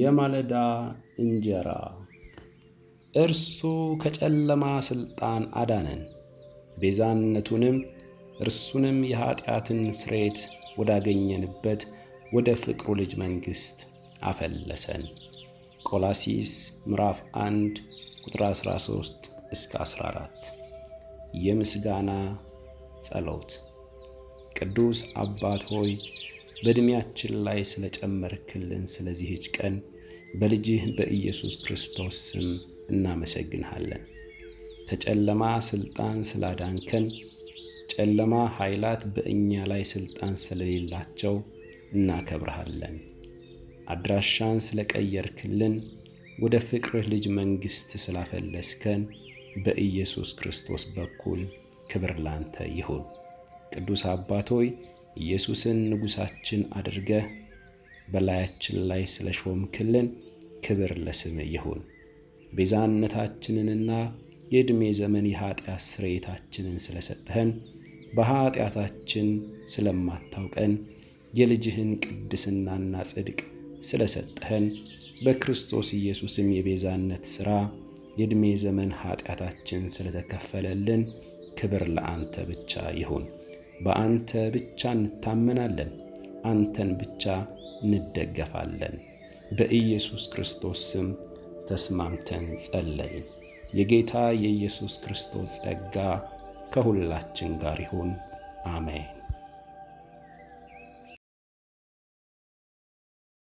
የማለዳ እንጀራ እርሱ ከጨለማ ሥልጣን አዳነን፣ ቤዛነቱንም እርሱንም የኀጢአትን ስሬት ወዳገኘንበት ወደ ፍቅሩ ልጅ መንግሥት አፈለሰን። ቆላሲስ ምዕራፍ 1 ቁጥር 13 እስከ 14። የምስጋና ጸሎት ቅዱስ አባት ሆይ በዕድሜያችን ላይ ስለጨመርክልን ስለዚህች ቀን በልጅህ በኢየሱስ ክርስቶስ ስም እናመሰግንሃለን። ከጨለማ ሥልጣን ስላዳንከን፣ ጨለማ ኃይላት በእኛ ላይ ሥልጣን ስለሌላቸው እናከብርሃለን። አድራሻን ስለቀየርክልን፣ ወደ ፍቅርህ ልጅ መንግሥት ስላፈለስከን በኢየሱስ ክርስቶስ በኩል ክብር ላንተ ይሁን። ቅዱስ አባት ሆይ ኢየሱስን ንጉሳችን አድርገህ በላያችን ላይ ስለ ሾምክልን ክብር ለስም ይሁን። ቤዛነታችንንና የዕድሜ ዘመን የኀጢአት ስርየታችንን ስለ ሰጠኸን በኀጢአታችን ስለማታውቀን የልጅህን ቅድስናና ጽድቅ ስለ በክርስቶስ ኢየሱስም የቤዛነት ሥራ የዕድሜ ዘመን ኀጢአታችን ስለተከፈለልን ክብር ለአንተ ብቻ ይሁን። በአንተ ብቻ እንታመናለን፣ አንተን ብቻ እንደገፋለን። በኢየሱስ ክርስቶስ ስም ተስማምተን ጸለይ። የጌታ የኢየሱስ ክርስቶስ ጸጋ ከሁላችን ጋር ይሁን። አሜን።